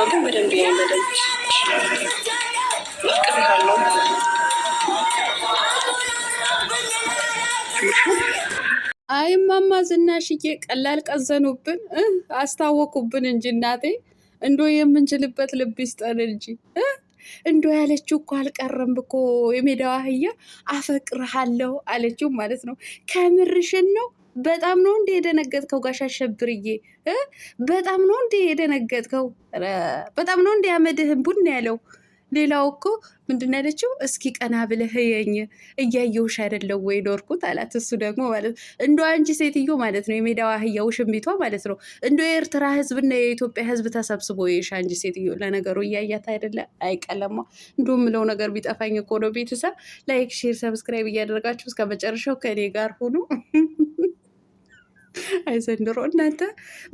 አለው ግን በደንብ ያ በደንብ ቅር አይ ማማ ዝናሽዬ ቀላል ቀዘኑብን፣ አስታወቁብን እንጂ እናቴ እንዶ የምንችልበት ልብ ይስጠን እንጂ እንዶ ያለችው እኮ አልቀረም እኮ የሜዳዋ አህያ አፈቅርሃለሁ አለችው ማለት ነው። ከምርሽን ነው በጣም ነው እንዴ የደነገጥከው? ጋሽ አሸብርዬ በጣም ነው እንዴ የደነገጥከው? በጣም ነው እንዴ አመድህን ቡና ያለው? ሌላው እኮ ምንድን ያለችው? እስኪ ቀና ብለህ የኝ እያየውሽ አይደለው ወይ ኖርኩት አላት። እሱ ደግሞ ማለት እንደ አንቺ ሴትዮ ማለት ነው የሜዳዋ አህያ ውሽሚቷ ማለት ነው እንደ የኤርትራ ህዝብና የኢትዮጵያ ህዝብ ተሰብስቦ ይሽ አንቺ ሴትዮ ለነገሩ እያያት አይደለ አይቀለማ። እንዶ ምለው ነገር ቢጠፋኝ እኮ ነው። ቤተሰብ ላይክ፣ ሼር፣ ሰብስክራይብ እያደረጋችሁ እስከ መጨረሻው ከእኔ ጋር ሁኑ። አይ ዘንድሮ እናንተ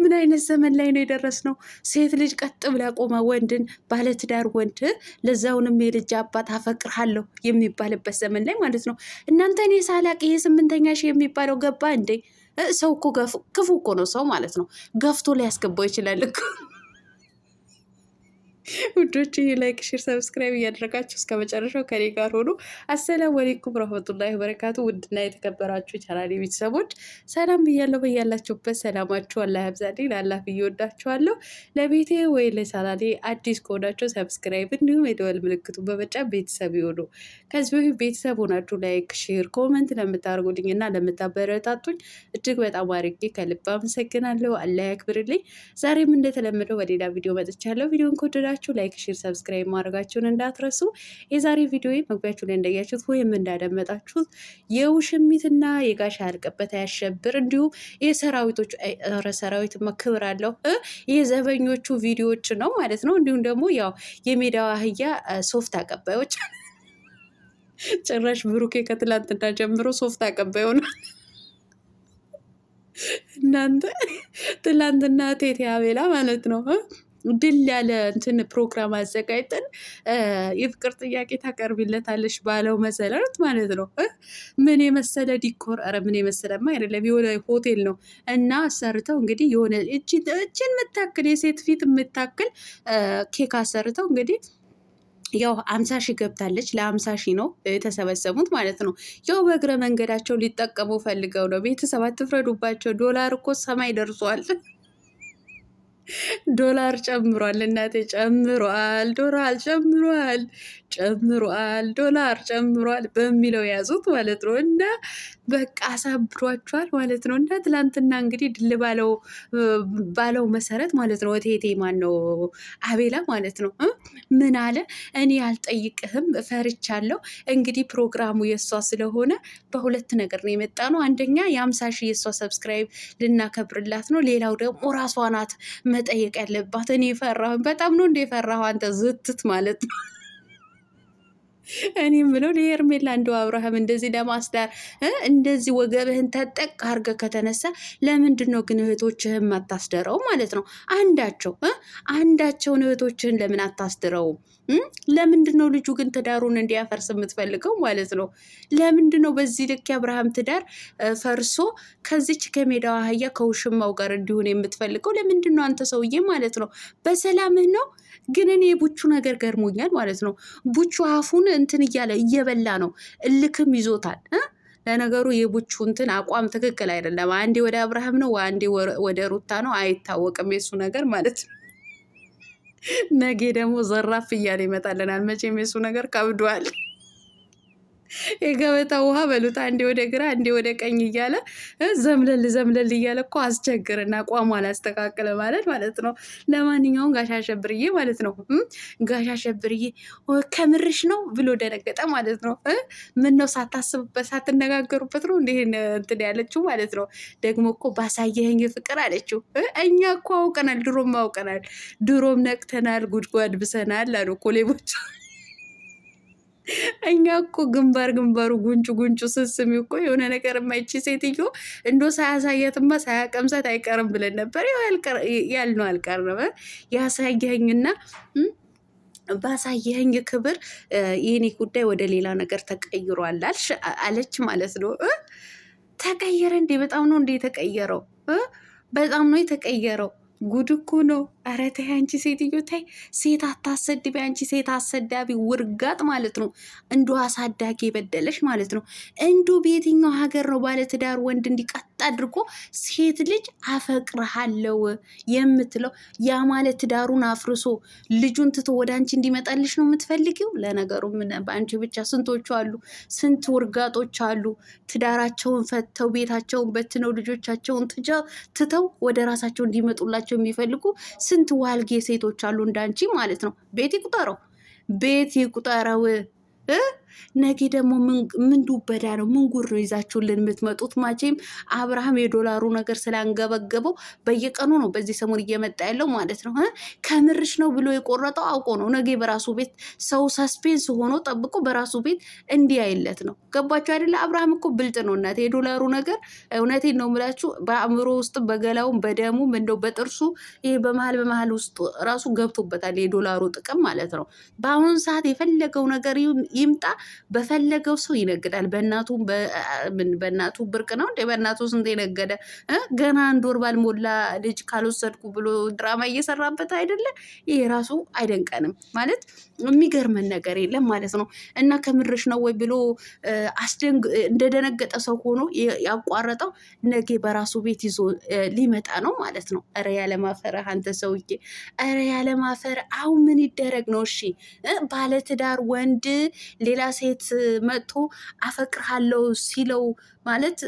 ምን አይነት ዘመን ላይ ነው የደረስነው? ሴት ልጅ ቀጥ ብላ ቆማ ወንድን ባለትዳር ወንድ ለዛውንም የልጅ አባት አፈቅርሃለሁ የሚባልበት ዘመን ላይ ማለት ነው። እናንተ እኔ ሳላቅ ይሄ ስምንተኛ ሺህ የሚባለው ገባ እንዴ? ሰው እኮ ክፉ እኮ ነው ሰው ማለት ነው። ገፍቶ ሊያስገባው ይችላል እኮ ውዶች ይህ ላይክ፣ ሽር ሰብስክራይብ እያደረጋችሁ እስከ መጨረሻው ከኔ ጋር ሆኑ። አሰላሙ አሌይኩም ረህመቱላሂ በረካቱ። ውድና የተከበራችሁ ቻናሌ ቤተሰቦች ሰላም ብያለሁ። በያላችሁበት ሰላማችሁ አላህ ያብዛልኝ። ላላፍ እየወዳችኋለሁ። ለቤቴ ወይ ለቻናሌ አዲስ ከሆናችሁ ሰብስክራይብ እንዲሁም የደወል ምልክቱ በመጫን ቤተሰብ ይሆኑ። ከዚህ በፊት ቤተሰብ ሆናችሁ ላይክ፣ ሽር ኮመንት ለምታደርጉልኝ እና ለምታበረታቱኝ እጅግ በጣም አድርጌ ከልብ አመሰግናለሁ። አላህ ያክብርልኝ። ዛሬም እንደተለመደው በሌላ ቪዲዮ መጥቻለሁ። ቪዲዮን ከወደዳ ከወደዳችሁ ላይክ፣ ሼር፣ ሰብስክራይብ ማድረጋችሁን እንዳትረሱ። የዛሬ ቪዲዮ መግቢያችሁ ላይ እንዳያችሁት ወይም እንዳደመጣችሁት የውሽሚትና የጋሻ ያልቅበት አያሸብር እንዲሁም የሰራዊቶች ረ ሰራዊት መክብር አለው የዘበኞቹ ቪዲዮዎች ነው ማለት ነው። እንዲሁም ደግሞ ያው የሜዳዋ አህያ ሶፍት አቀባዮች ጭራሽ ብሩኬ ከትላንትና ጀምሮ ሶፍት አቀባይ ሆኗል። እናንተ ትላንትና ቴቴ አቤላ ማለት ነው። ድል ያለ እንትን ፕሮግራም አዘጋጅተን የፍቅር ጥያቄ ታቀርቢለታለሽ ባለው መሰረት ማለት ነው። ምን የመሰለ ዲኮር፣ ኧረ ምን የመሰለማ አይደለም የሆነ ሆቴል ነው እና አሰርተው እንግዲህ የሆነ እችን የምታክል የሴት ፊት የምታክል ኬክ አሰርተው እንግዲህ ያው አምሳ ሺህ ገብታለች። ለአምሳ ሺህ ነው የተሰበሰቡት ማለት ነው። ያው በእግረ መንገዳቸው ሊጠቀሙ ፈልገው ነው። ቤተሰብ አትፍረዱባቸው። ዶላር እኮ ሰማይ ደርሷል። ዶላር ጨምሯል፣ እናቴ ጨምሯል፣ ዶላር ጨምሯል፣ ጨምሯል፣ ዶላር ጨምሯል በሚለው ያዙት ማለት ነው። እና በቃ አሳብዷቸዋል ማለት ነው። እና ትላንትና እንግዲህ ድል ባለው ባለው መሰረት ማለት ነው ወቴቴ ማን ነው አቤላ ማለት ነው ምን አለ? እኔ አልጠይቅህም ፈርቻለሁ። እንግዲህ ፕሮግራሙ የእሷ ስለሆነ በሁለት ነገር ነው የመጣ ነው። አንደኛ የአምሳ ሺህ የእሷ ሰብስክራይብ ልናከብርላት ነው። ሌላው ደግሞ ራሷ ናት መጠየቅ ያለባት። እኔ የፈራሁን በጣም ነው እንደ የፈራሁ አንተ ዝትት ማለት ነው። እኔ ምለው ለሄርሜላ እንደው አብርሃም እንደዚህ ለማስዳር እንደዚህ ወገብህን ተጠቅ አርገ ከተነሳ ለምንድን ነው ግን እህቶችህን አታስደረው ማለት ነው? አንዳቸው አንዳቸውን እህቶችህን ለምን አታስድረውም? ለምንድን ነው ልጁ ግን ትዳሩን እንዲያፈርስ የምትፈልገው ማለት ነው? ለምንድን ነው በዚህ ልክ የአብርሃም ትዳር ፈርሶ ከዚች ከሜዳው አህያ ከውሽማው ጋር እንዲሆን የምትፈልገው ለምንድን ነው አንተ ሰውዬ ማለት ነው? በሰላምህ ነው። ግን እኔ ቡቹ ነገር ገርሞኛል ማለት ነው ቡቹ አፉን እንትን እያለ እየበላ ነው። እልክም ይዞታል። ለነገሩ የቡቹ እንትን አቋም ትክክል አይደለም። አንዴ ወደ አብርሃም ነው፣ አንዴ ወደ ሩታ ነው። አይታወቅም የሱ ነገር ማለት ነው። ነጌ ደግሞ ዘራፍ እያለ ይመጣልናል። መቼም የሱ ነገር ከብዷል። የገበታ ውሃ በሉት አንዴ ወደ ግራ አንዴ ወደ ቀኝ እያለ ዘምለል ዘምለል እያለ እኮ አስቸግርና ቋሙ አላስተካከለ ማለት ማለት ነው። ለማንኛውም ጋሻ ሸብርዬ ማለት ነው ጋሻ ሸብርዬ ከምርሽ ነው ብሎ ደነገጠ ማለት ነው። ምን ነው ሳታስብበት ሳትነጋገሩበት ነው እንዲህ እንትን ያለችው ማለት ነው። ደግሞ እኮ ባሳየኸኝ ፍቅር አለችው። እኛ እኮ አውቀናል፣ ድሮም አውቀናል፣ ድሮም ነቅተናል፣ ጉድጓድ ብሰናል አሉ እኮ ሌቦች እኛ እኮ ግንባር ግንባሩ ጉንጩ ጉንጩ ስስሚ እኮ የሆነ ነገር ማይቺ ሴትዮ እንዶ ሳያሳያትማ ሳያቀምሳት አይቀርም ብለን ነበር። ያልነው አልቀረበ ያሳየኝና ባሳየኝ ክብር የኔ ጉዳይ ወደ ሌላ ነገር ተቀይሯል አለች ማለት ነው። ተቀየረ እንዴ? በጣም ነው እንዴ የተቀየረው? በጣም ነው የተቀየረው። ጉድ እኮ ነው። ኧረ ተይ አንቺ ሴትዮ ተይ፣ ሴት አታሰድቢ አንቺ ሴት አሰዳቢ ውርጋጥ ማለት ነው። እንዱ አሳዳጊ የበደለሽ ማለት ነው። እንዱ በየትኛው ሀገር ነው ባለትዳር ወንድ እንዲቀጥ አድርጎ ሴት ልጅ አፈቅርሃለው የምትለው ያ ማለት ትዳሩን አፍርሶ ልጁን ትቶ ወደ አንቺ እንዲመጣልሽ ነው የምትፈልጊው? ለነገሩ በአንቺ ብቻ ስንቶቹ አሉ፣ ስንት ውርጋጦች አሉ። ትዳራቸውን ፈተው ቤታቸውን በትነው ልጆቻቸውን ትተው ወደ ራሳቸው እንዲመጡላቸው የሚፈልጉ ስንት ዋልጌ ሴቶች አሉ፣ እንዳንቺ ማለት ነው። ቤት ይቁጠረው፣ ቤት ይቁጠረው። ነጌ ደግሞ ምን ዱበዳ ነው? ምን ጉድ ነው ይዛችሁልን የምትመጡት? ማቼም አብርሃም የዶላሩ ነገር ስላንገበገበው በየቀኑ ነው በዚህ ሰሞን እየመጣ ያለው ማለት ነው። ከምርሽ ነው ብሎ የቆረጠው አውቆ ነው። ነጌ በራሱ ቤት ሰው ሰስፔንስ ሆኖ ጠብቆ በራሱ ቤት እንዲህ አይለት ነው። ገባችሁ አይደለ? አብርሃም እኮ ብልጥ ነው እና የዶላሩ ነገር እውነቴን ነው የምላችሁ በአእምሮ ውስጥ በገላውም በደሙም እንደው በጥርሱ ይሄ በመሀል በመሀል ውስጥ ራሱ ገብቶበታል የዶላሩ ጥቅም ማለት ነው። በአሁኑ ሰዓት የፈለገው ነገር ይምጣ በፈለገው ሰው ይነግዳል። በእናቱ በእናቱ ብርቅ ነው እንዴ? በእናቱ ስንት የነገደ ገና አንድ ወር ባልሞላ ልጅ ካልወሰድኩ ብሎ ድራማ እየሰራበት አይደለ? ይሄ ራሱ አይደንቀንም ማለት የሚገርመን ነገር የለም ማለት ነው። እና ከምድርሽ ነው ወይ ብሎ እንደደነገጠ ሰው ሆኖ ያቋረጠው ነጌ በራሱ ቤት ይዞ ሊመጣ ነው ማለት ነው። ኧረ ያለማፈርህ አንተ ሰውዬ፣ ኧረ ያለማፈርህ። አሁን ምን ይደረግ ነው? እሺ ባለትዳር ወንድ ሌላ ሴት መጥቶ አፈቅርሃለው ሲለው ማለት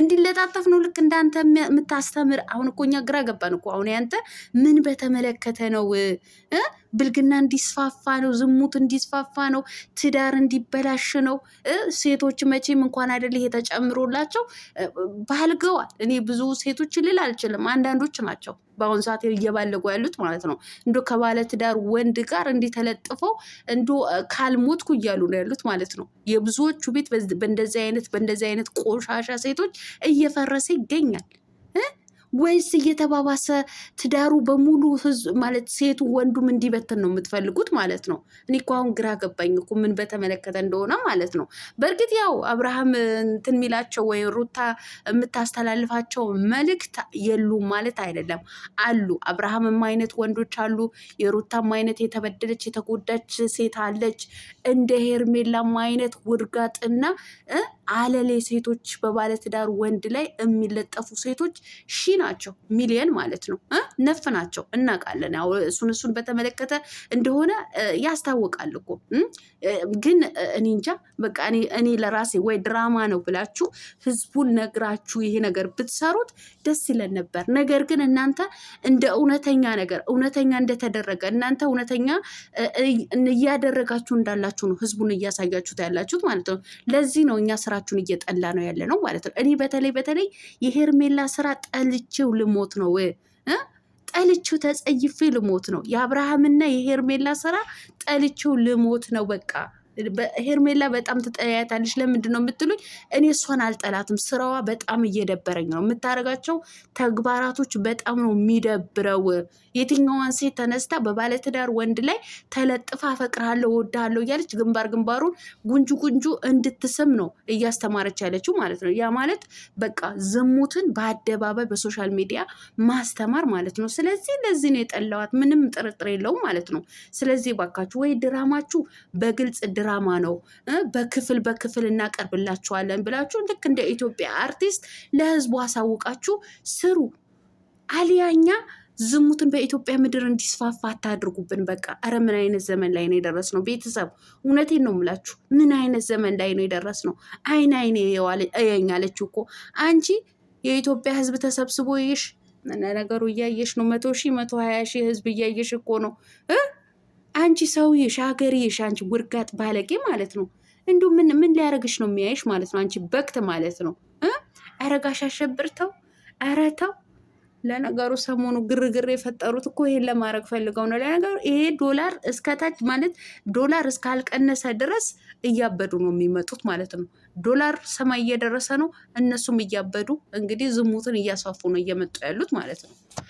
እንዲለጣጠፍ ነው። ልክ እንዳንተ የምታስተምር አሁን እኮ እኛ ግራ ገባን እኮ። አሁን ያንተ ምን በተመለከተ ነው? ብልግና እንዲስፋፋ ነው፣ ዝሙት እንዲስፋፋ ነው፣ ትዳር እንዲበላሽ ነው። ሴቶች መቼም እንኳን አይደል ይሄ ተጨምሮላቸው ባልገዋል። እኔ ብዙ ሴቶች ልል አልችልም፣ አንዳንዶች ናቸው በአሁኑ ሰዓት እየባለጉ ያሉት ማለት ነው። እንዶ ከባለትዳር ወንድ ጋር እንዲህ ተለጥፈው እንዶ ካልሞትኩ እያሉ ነው ያሉት ማለት ነው። የብዙዎቹ ቤት በእንደዚህ አይነት በእንደዚህ አይነት ቆሻሻ ሴቶች እየፈረሰ ይገኛል። ወይስ እየተባባሰ ትዳሩ በሙሉ ህዝብ ማለት ሴቱ ወንዱም እንዲበትን ነው የምትፈልጉት ማለት ነው? እኔ እኮ አሁን ግራ ገባኝ እኮ ምን በተመለከተ እንደሆነ ማለት ነው። በእርግጥ ያው አብርሃም እንትን የሚላቸው ወይም ሩታ የምታስተላልፋቸው መልእክት የሉም ማለት አይደለም፣ አሉ። አብርሃምም አይነት ወንዶች አሉ፣ የሩታም አይነት የተበደለች የተጎዳች ሴት አለች፣ እንደ ሄርሜላም አይነት ውድጋጥና አለሌ ሴቶች በባለትዳር ወንድ ላይ የሚለጠፉ ሴቶች ሺ ናቸው፣ ሚሊየን ማለት ነው። ነፍ ናቸው እናውቃለን። ያው እሱን እሱን በተመለከተ እንደሆነ ያስታወቃል እኮ ግን እኔ እንጃ በቃ እኔ ለራሴ ወይ ድራማ ነው ብላችሁ ህዝቡን ነግራችሁ ይሄ ነገር ብትሰሩት ደስ ይለን ነበር። ነገር ግን እናንተ እንደ እውነተኛ ነገር እውነተኛ እንደተደረገ እናንተ እውነተኛ እያደረጋችሁ እንዳላችሁ ነው ህዝቡን እያሳያችሁት ያላችሁት ማለት ነው። ለዚህ ነው እኛ ስራ ስራችሁን እየጠላ ነው ያለ ነው ማለት ነው። እኔ በተለይ በተለይ የሄርሜላ ስራ ጠልቼው ልሞት ነው ጠልቼው ተጸይፌ ልሞት ነው። የአብርሃምና የሄርሜላ ስራ ጠልቼው ልሞት ነው በቃ ሄርሜላ በጣም ትጠያያታለች ለምንድን ነው የምትሉኝ? እኔ እሷን አልጠላትም። ስራዋ በጣም እየደበረኝ ነው። የምታደርጋቸው ተግባራቶች በጣም ነው የሚደብረው። የትኛዋን ሴት ተነስታ በባለትዳር ወንድ ላይ ተለጥፋ አፈቅርሃለሁ፣ እወድሃለሁ እያለች ግንባር ግንባሩን ጉንጁ ጉንጁ እንድትስም ነው እያስተማረች ያለችው ማለት ነው። ያ ማለት በቃ ዝሙትን በአደባባይ በሶሻል ሚዲያ ማስተማር ማለት ነው። ስለዚህ ለዚህ ነው የጠላዋት፣ ምንም ጥርጥር የለውም ማለት ነው። ስለዚህ ባካችሁ ወይ ድራማችሁ በግልጽ ድራ ድራማ ነው፣ በክፍል በክፍል እናቀርብላችኋለን ብላችሁ ልክ እንደ ኢትዮጵያ አርቲስት ለህዝቡ አሳውቃችሁ ስሩ። አሊያኛ ዝሙትን በኢትዮጵያ ምድር እንዲስፋፋ አታድርጉብን። በቃ ኧረ ምን አይነት ዘመን ላይ ነው የደረስ ነው? ቤተሰብ እውነቴን ነው የምላችሁ፣ ምን አይነት ዘመን ላይ ነው የደረስ ነው? አይን አይን እየኝ አለችው እኮ አንቺ የኢትዮጵያ ህዝብ ተሰብስቦ ይሽ ነገሩ እያየሽ ነው። መቶ ሺህ መቶ ሀያ ሺህ ህዝብ እያየሽ እኮ ነው። አንቺ ሰውዬሽ ሀገርሽ አንቺ ውርጋጥ ባለጌ ማለት ነው። እንዱ ምን ምን ሊያረግሽ ነው የሚያይሽ ማለት ነው። አንቺ በክት ማለት ነው። አረጋሽ አሸብርተው አረተው ለነገሩ ሰሞኑ ግርግር የፈጠሩት እኮ ይሄን ለማድረግ ፈልገው ነው። ለነገሩ ይሄ ዶላር እስከታች ማለት ዶላር እስካልቀነሰ ድረስ እያበዱ ነው የሚመጡት ማለት ነው። ዶላር ሰማይ እየደረሰ ነው፣ እነሱም እያበዱ እንግዲህ ዝሙትን እያስፋፉ ነው እየመጡ ያሉት ማለት ነው።